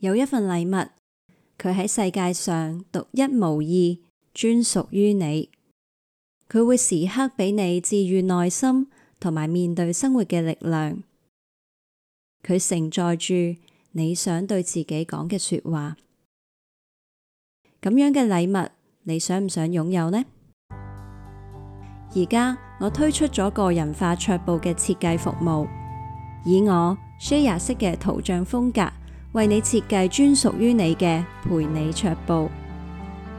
有一份禮物，佢喺世界上獨一無二，專屬於你。佢會時刻俾你治愈內心同埋面對生活嘅力量。佢承載住你想對自己講嘅說話。咁樣嘅禮物，你想唔想擁有呢？而家我推出咗個人化桌布嘅設計服務，以我 Shaya 式嘅圖像風格。為你設計專屬於你嘅陪你桌布。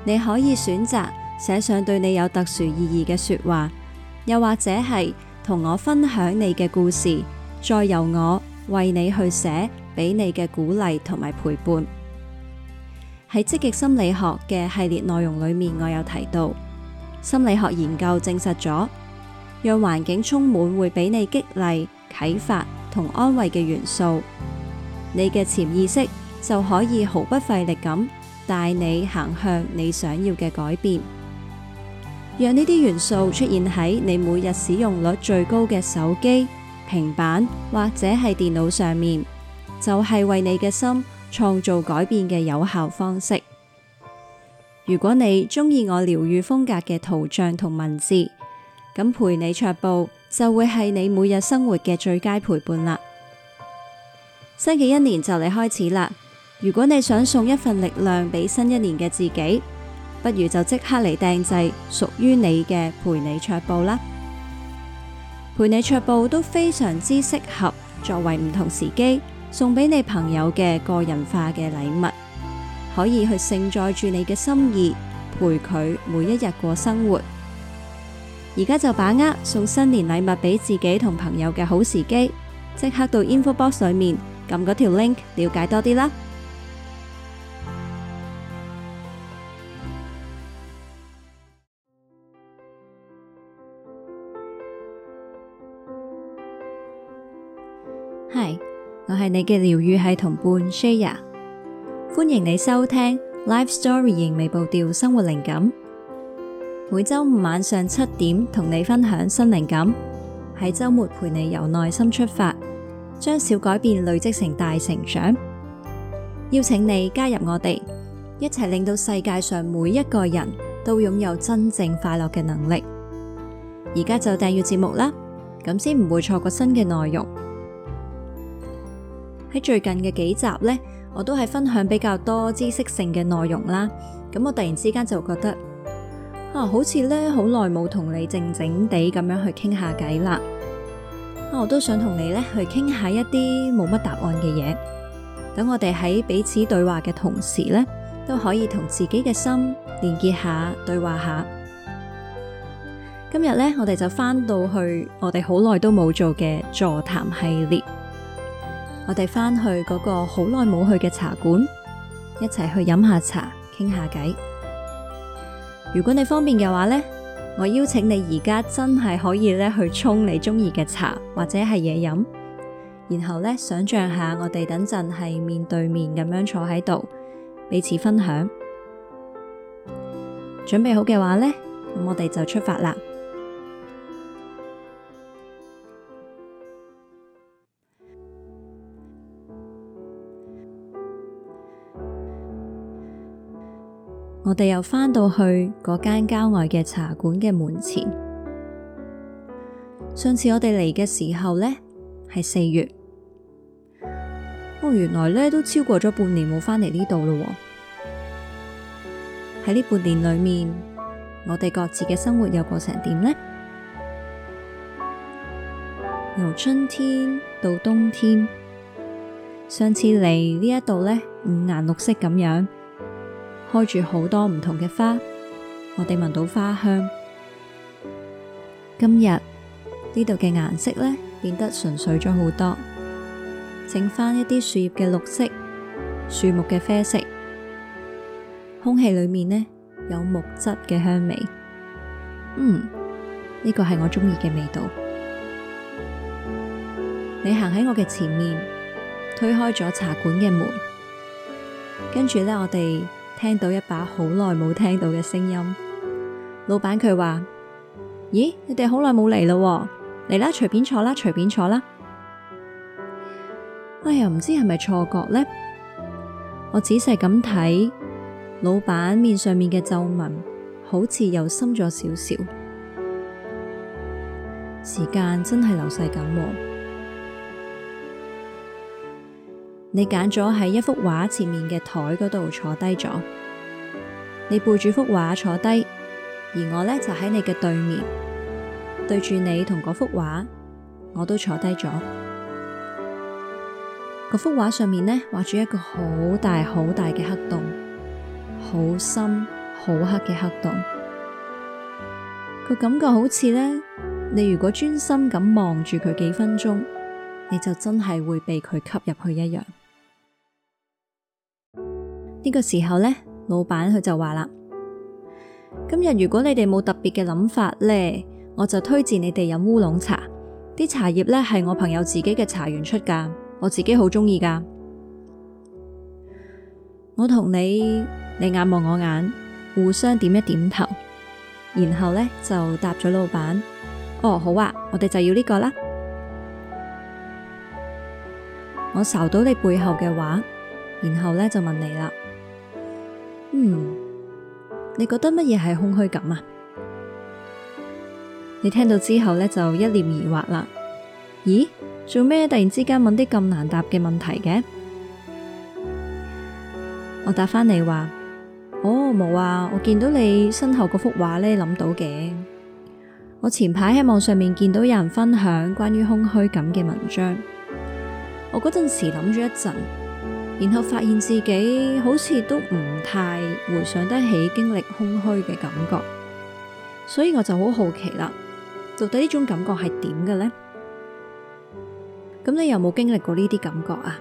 你可以選擇寫上對你有特殊意義嘅說話，又或者係同我分享你嘅故事，再由我為你去寫俾你嘅鼓勵同埋陪伴。喺積極心理學嘅系列內容裏面，我有提到心理學研究證實咗，讓環境充滿會俾你激勵、啟發同安慰嘅元素，你嘅潛意識就可以毫不費力咁帶你行向你想要嘅改變，讓呢啲元素出現喺你每日使用率最高嘅手機、平板或者係電腦上面，就係為你嘅心創造改變嘅有效方式。如果你鍾意我療癒風格嘅圖像同文字，咁陪你桌布，就會係你每日生活嘅最佳陪伴啦。新嘅一年就嚟開始啦！如果你想送一份力量俾新一年嘅自己，不如就即刻嚟訂製屬於你嘅陪你桌布啦。陪你桌布都非常之適合作為唔同時機送俾你朋友嘅個人化嘅禮物，可以去承載住你嘅心意，陪佢每一日過生活。而家就把握送新年禮物俾自己同朋友嘅好時機，即刻到 info box 裏面。撳嗰條 link，了解多啲啦。嗨，我係你嘅療愈係同伴 Shaya，歡迎你收聽 Life Story，明媚步調，生活靈感。每周五晚上七點，同你分享新靈感，喺周末陪你由內心出發。將小改變累積成大成長，邀請你加入我哋，一齊令到世界上每一個人都擁有真正快樂嘅能力。而家就訂閱節目啦，咁先唔會錯過新嘅內容。喺最近嘅幾集呢，我都係分享比較多知識性嘅內容啦。咁我突然之間就覺得，啊，好似呢好耐冇同你靜靜地咁樣去傾下偈啦。我都想同你咧去傾下一啲冇乜答案嘅嘢，等我哋喺彼此對話嘅同時咧，都可以同自己嘅心連結下、對話下。今日咧，我哋就返到去我哋好耐都冇做嘅坐談系列，我哋返去嗰個好耐冇去嘅茶館，一齊去飲下茶、傾下偈。如果你方便嘅話咧。我邀請你而家真係可以咧去沖你鍾意嘅茶或者係嘢飲，然後咧想象下我哋等陣係面對面咁樣坐喺度，彼此分享。準備好嘅話咧，咁我哋就出發啦。我哋又返到去嗰間郊外嘅茶館嘅門前。上次我哋嚟嘅時候呢，係四月。我、哦、原來呢都超過咗半年冇返嚟呢度咯。喺呢半年裏面，我哋各自嘅生活又過成點呢？由春天到冬天，上次嚟呢一度呢，五顏六色咁樣。開住好多唔同嘅花，我哋聞到花香。今日呢度嘅顏色咧，變得純粹咗好多，剩翻一啲樹葉嘅綠色，樹木嘅啡色，空氣裏面呢有木質嘅香味。嗯，呢個係我鍾意嘅味道。你行喺我嘅前面，推開咗茶館嘅門，跟住咧我哋，聽到一把好耐冇聽到嘅聲音，老闆佢話：咦，你哋好耐冇嚟咯，嚟啦，隨便坐啦，隨便坐啦。哎呀，唔知係咪錯覺呢？我仔細咁睇，老闆面上面嘅皺紋好似又深咗少少，時間真係流逝緊。你揀咗喺一幅畫前面嘅台嗰度坐低咗，你背住幅畫坐低，而我呢就喺你嘅對面，對住你同嗰幅畫，我都坐低咗。嗰幅畫上面呢，畫住一個好大好大嘅黑洞，好深好黑嘅黑洞，個感覺好似呢：「你如果專心咁望住佢幾分鐘，你就真係會被佢吸入去一樣。」呢個時候呢，老闆佢就話啦：今日如果你哋冇特別嘅諗法呢，我就推薦你哋飲烏龍茶。啲茶葉呢係我朋友自己嘅茶園出噶，我自己好鍾意噶。我同你，你眼望我眼，互相點一點頭，然後呢，就答咗老闆：哦，好啊，我哋就要呢個啦。我搜到你背後嘅話，然後呢，就問你啦。嗯，你覺得乜嘢係空虛感啊？你聽到之後咧就一臉疑惑啦。咦，做咩突然之間問啲咁難答嘅問題嘅？我答翻你話，哦冇啊，我見到你身後嗰幅畫咧，諗到嘅。我前排喺網上面見到有人分享關於空虛感嘅文章，我嗰陣時諗咗一陣。然後發現自己好似都唔太回想得起經歷空虛嘅感覺，所以我就好好奇啦，到底呢種感覺係點嘅呢？咁你有冇經歷過呢啲感覺啊？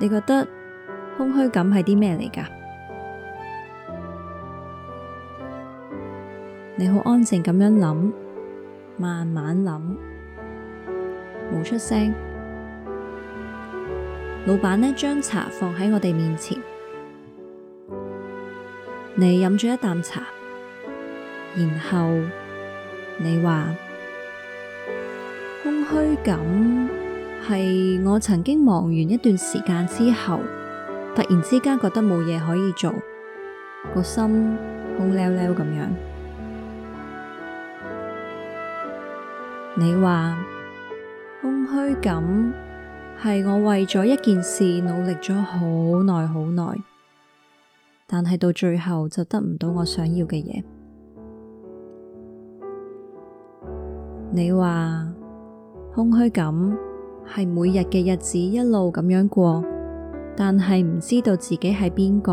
你覺得空虛感係啲咩嚟噶？你好安靜咁樣諗，慢慢諗，冇出聲。老闆呢，將茶放喺我哋面前，你飲咗一啖茶，然後你話 空虛感係我曾經忙完一段時間之後，突然之間覺得冇嘢可以做，個心空溜溜咁樣。你話空虛感？係我為咗一件事努力咗好耐好耐，但係到最後就得唔到我想要嘅嘢。你話空虛感係每日嘅日子一路咁樣過，但係唔知道自己係邊個，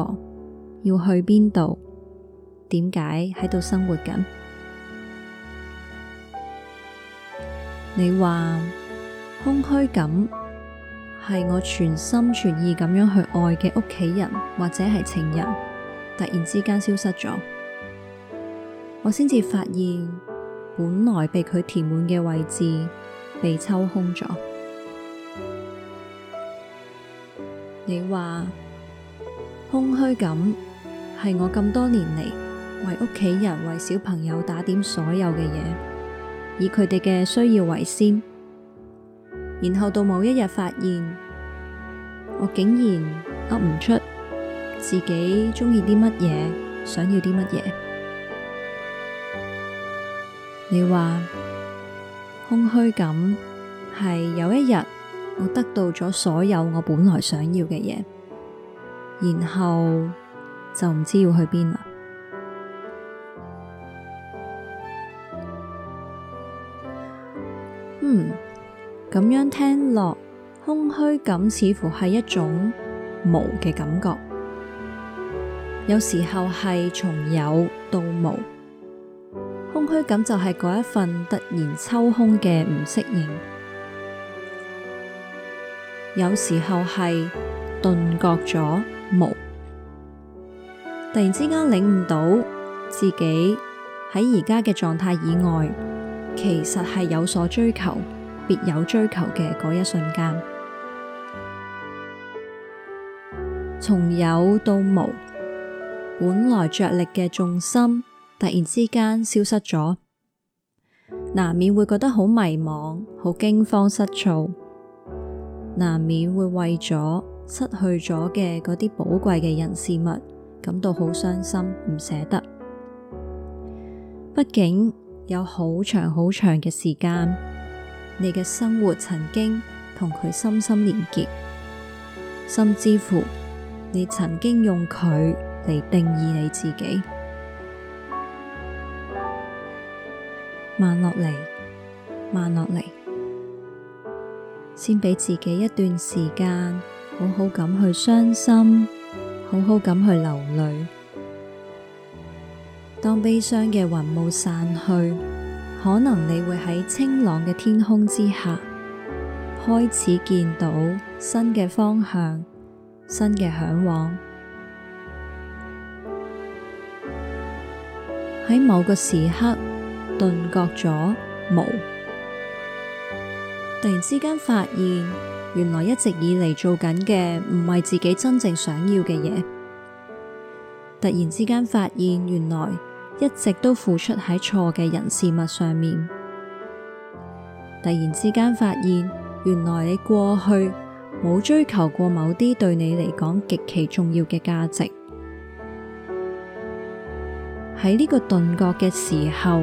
要去邊度，點解喺度生活緊？你話空虛感。係我全心全意咁樣去愛嘅屋企人或者係情人，突然之間消失咗，我先至發現本來被佢填滿嘅位置被抽空咗。你話空虛感係我咁多年嚟為屋企人，為小朋友打點所有嘅嘢，以佢哋嘅需要為先。.然後到某一日發現，我竟然噏唔出自己鍾意啲乜嘢，想要啲乜嘢。你話空虛感係有一日我得到咗所有我本來想要嘅嘢，然後就唔知要去邊啦。.咁樣聽落，空虛感似乎係一種無嘅感覺。有時候係從有到無，空虛感就係嗰一份突然抽空嘅唔適應。有時候係頓覺咗無，突然之間領悟到自己喺而家嘅狀態以外，其實係有所追求。有追求嘅嗰一瞬間，從有到無，本來着力嘅重心突然之間消失咗，難免會覺得好迷惘、好驚慌失措，難免會為咗失去咗嘅嗰啲寶貴嘅人事物感到好傷心、唔捨得。畢竟有好長好長嘅時間。你嘅生活曾經同佢深深連結，甚至乎你曾經用佢嚟定義你自己。慢落嚟，慢落嚟，先畀自己一段時間，好好咁去傷心，好好咁去流淚。當悲傷嘅雲霧散去。可能你會喺清朗嘅天空之下，開始見到新嘅方向、新嘅嚮往。喺某個時刻，頓覺咗無，突然之間發現，原來一直以嚟做緊嘅唔係自己真正想要嘅嘢。突然之間發現，原來。一直都付出喺錯嘅人事物上面，突然之間發現，原來你過去冇追求過某啲對你嚟講極其重要嘅價值。喺呢個頓覺嘅時候，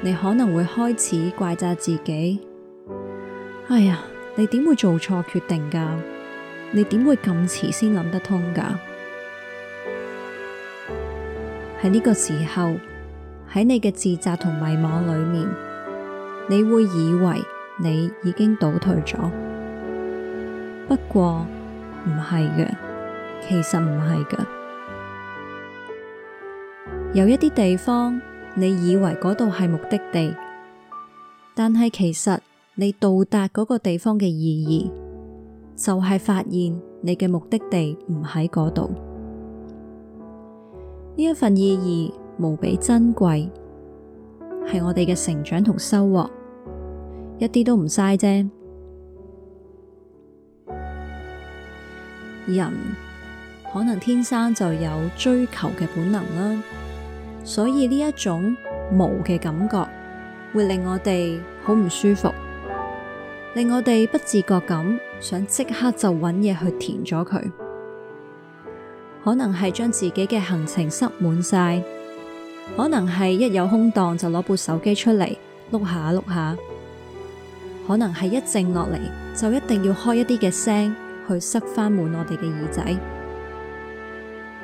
你可能會開始怪責自己：哎呀，你點會做錯決定㗎？你點會咁遲先諗得通㗎？喺呢個時候，喺你嘅自責同迷惘裏面，你會以為你已經倒退咗。不過唔係嘅，其實唔係嘅。有一啲地方，你以為嗰度係目的地，但係其實你到達嗰個地方嘅意義，就係發現你嘅目的地唔喺嗰度。呢一份意義無比珍貴，係我哋嘅成長同收穫，一啲都唔嘥啫。人可能天生就有追求嘅本能啦，所以呢一種無嘅感覺，會令我哋好唔舒服，令我哋不自覺咁想即刻就揾嘢去填咗佢。可能係將自己嘅行程塞滿晒，可能係一有空檔就攞部手機出嚟碌下碌下，可能係一靜落嚟就一定要開一啲嘅聲去塞翻滿我哋嘅耳仔，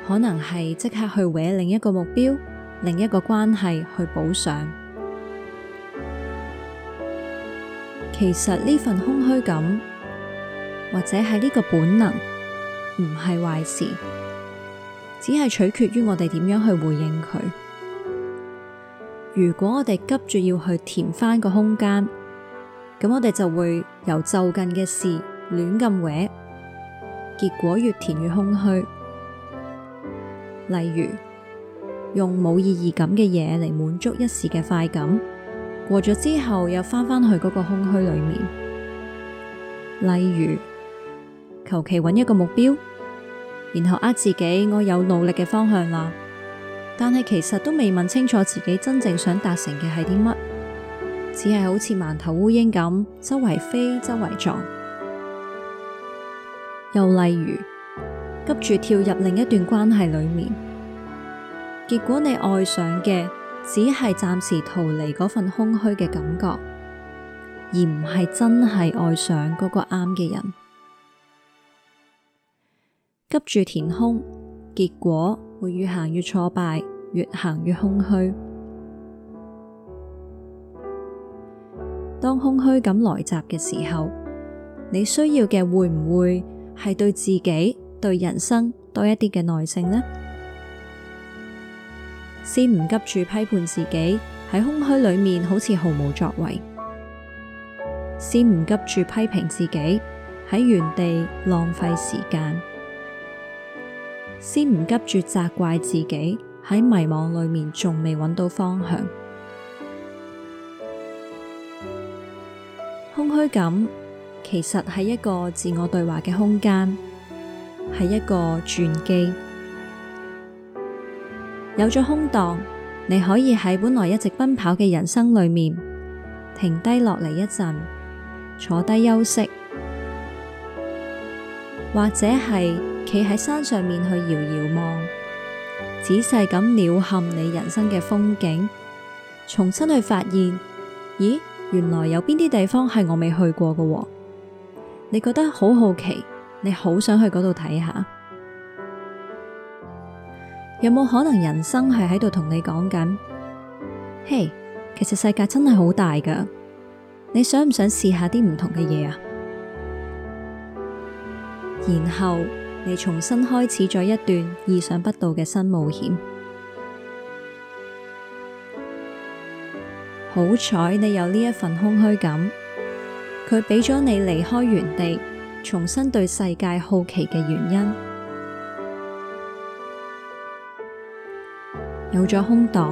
可能係即刻去搲另一個目標，另一個關係去補償。其實呢份空虛感或者係呢個本能唔係壞事。只係取決於我哋點樣去回應佢。如果我哋急住要去填翻個空間，咁我哋就會由就近嘅事亂咁搲，結果越填越空虛。例如用冇意義感嘅嘢嚟滿足一時嘅快感，過咗之後又翻返去嗰個空虛裏面。例如求其搵一個目標。然後呃自己，我有努力嘅方向啦，但係其實都未問清楚自己真正想達成嘅係啲乜，只係好似冇頭烏蠅咁，周圍飛周圍撞。又例如，急住跳入另一段關係裏面，結果你愛上嘅只係暫時逃離嗰份空虛嘅感覺，而唔係真係愛上嗰個啱嘅人。急住填空，結果會越行越挫敗，越行越空虛。當空虛噉來襲嘅時候，你需要嘅會唔會係對自己、對人生多一啲嘅耐性呢？先唔急住批判自己，喺空虛裏面好似毫無作為，先唔急住批評自己，喺原地浪費時間。先唔急住責怪自己喺迷茫裏面仲未揾到方向，空虛感其實係一個自我對話嘅空間，係一個轉機。有咗空檔，你可以喺本來一直奔跑嘅人生裏面停低落嚟一陣，坐低休息，或者係。企喺山上面去遙遙望，仔細咁鳥瞰你人生嘅風景，重新去發現，咦，原來有邊啲地方係我未去過嘅，你覺得好好奇，你好想去嗰度睇下。有冇可能人生係喺度同你講緊，嘿、hey，其實世界真係好大噶，你想唔想試下啲唔同嘅嘢啊？然後。你重新開始咗一段意想不到嘅新冒險。好彩你有呢一份空虛感，佢畀咗你離開原地，重新對世界好奇嘅原因。有咗空檔，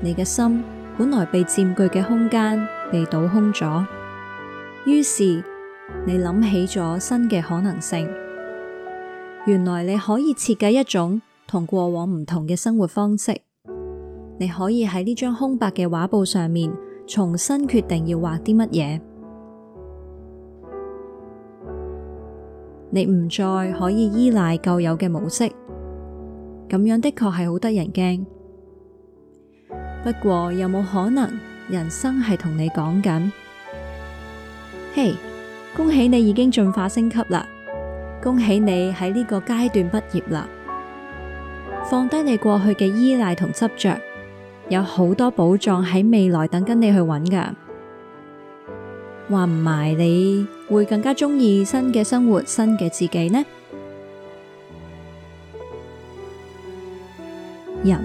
你嘅心本來被佔據嘅空間被倒空咗，於是你諗起咗新嘅可能性。原來你可以設計一種同過往唔同嘅生活方式，你可以喺呢張空白嘅畫布上面，重新決定要畫啲乜嘢。你唔再可以依賴舊有嘅模式，咁樣的確係好得人驚。不過有冇可能，人生係同你講緊，嘿，hey，恭喜你已經進化升級啦！恭喜你喺呢個階段畢業啦！放低你過去嘅依賴同執着，有好多寶藏喺未來等緊你去揾㗎。話唔埋你會更加鍾意新嘅生活、新嘅自己呢？人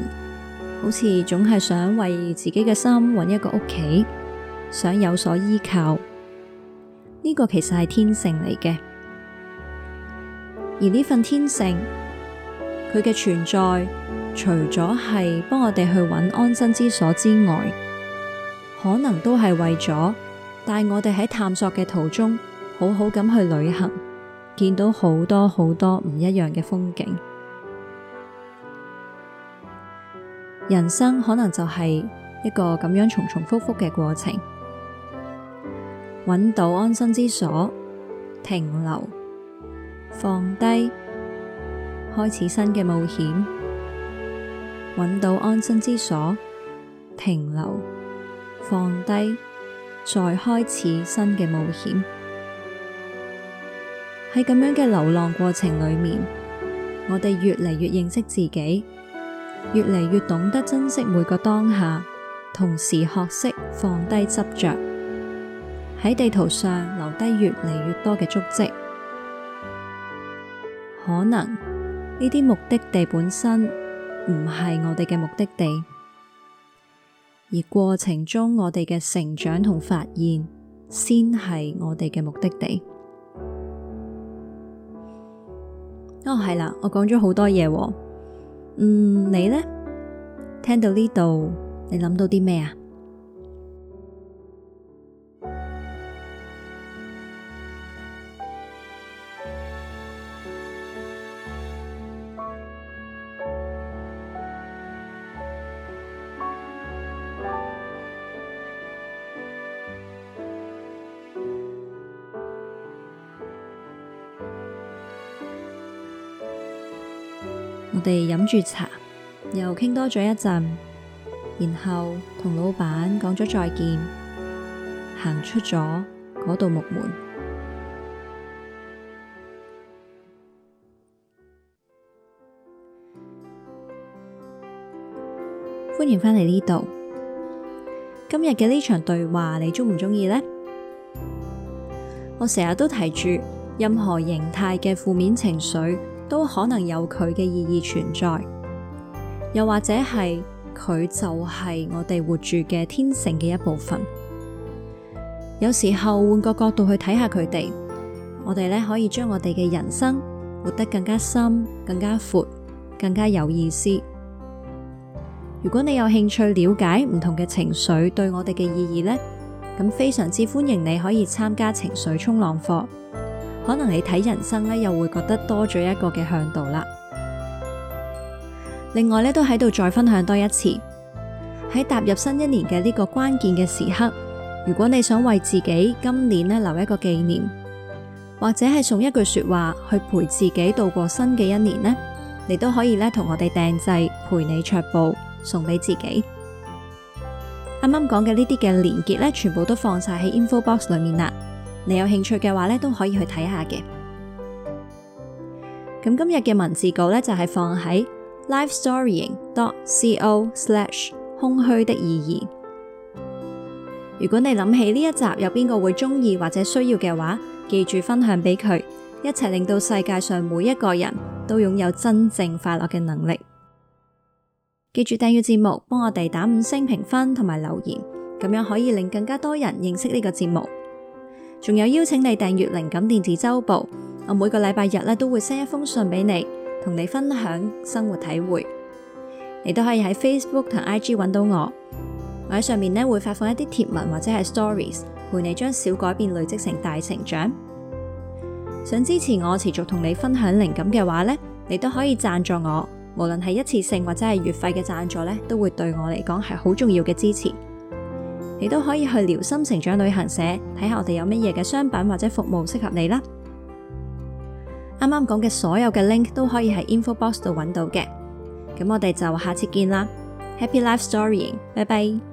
好似總係想為自己嘅心揾一個屋企，想有所依靠。呢個其實係天性嚟嘅。而呢份天性，佢嘅存在，除咗係幫我哋去揾安身之所之外，可能都係為咗帶我哋喺探索嘅途中，好好咁去旅行，見到好多好多唔一樣嘅風景。人生可能就係一個咁樣重重複複嘅過程，揾到安身之所，停留。放低，開始新嘅冒險，搵到安身之所，停留，放低，再開始新嘅冒險。喺咁樣嘅流浪過程裏面，我哋越嚟越認識自己，越嚟越懂得珍惜每個當下，同時學識放低執着，喺地圖上留低越嚟越多嘅足跡。可能呢啲目的地本身唔係我哋嘅目的地，而過程中我哋嘅成長同發現先係我哋嘅目的地。哦，係啦，我講咗好多嘢喎。嗯，你呢？聽到呢度，你諗到啲咩啊？我哋飲住茶，又傾多咗一陣，然後同老闆講咗再見，行出咗嗰道木門。歡迎返嚟呢度，今日嘅呢場對話，你鍾唔鍾意呢？我成日都提住任何形態嘅負面情緒，都可能有佢嘅意義存在，又或者係佢就係我哋活住嘅天性嘅一部分。有時候換個角度去睇下佢哋，我哋咧可以將我哋嘅人生活得更加深、更加闊、更加有意思。如果你有興趣了解唔同嘅情緒對我哋嘅意義呢，咁非常之歡迎你可以參加情緒衝浪課。可能你睇人生咧，又會覺得多咗一個嘅向度啦。另外咧，都喺度再分享多一次。喺踏入新一年嘅呢個關鍵嘅時刻，如果你想為自己今年咧留一個紀念，或者係送一句說話去陪自己度過新嘅一年呢，你都可以咧同我哋訂製陪你桌布，送俾自己。啱啱講嘅呢啲嘅連結呢，全部都放晒喺 info box 裏面啦。你有興趣嘅話咧，都可以去睇下嘅。咁今日嘅文字稿咧就係放喺 lifestorying.co/slash 空虛的意義。如果你諗起呢一集有邊個會中意或者需要嘅話，記住分享俾佢，一齊令到世界上每一個人都擁有真正快樂嘅能力。記住訂閱節目，幫我哋打五星評分同埋留言，咁樣可以令更加多人認識呢個節目。仲有邀請你訂閱靈感電子週報，我每個禮拜日咧都會 send 一封信俾你，同你分享生活體會。你都可以喺 Facebook 同 IG 揾到我，我喺上面咧會發放一啲貼文或者係 Stories，陪你將小改變累積成大成長。想支持我持續同你分享靈感嘅話咧，你都可以贊助我，無論係一次性或者係月費嘅贊助咧，都會對我嚟講係好重要嘅支持。你都可以去療心成長旅行社睇下我哋有乜嘢嘅商品或者服務適合你啦。啱啱講嘅所有嘅 link 都可以喺 info box 度揾到嘅。咁我哋就下次見啦。Happy life storying, 拜拜。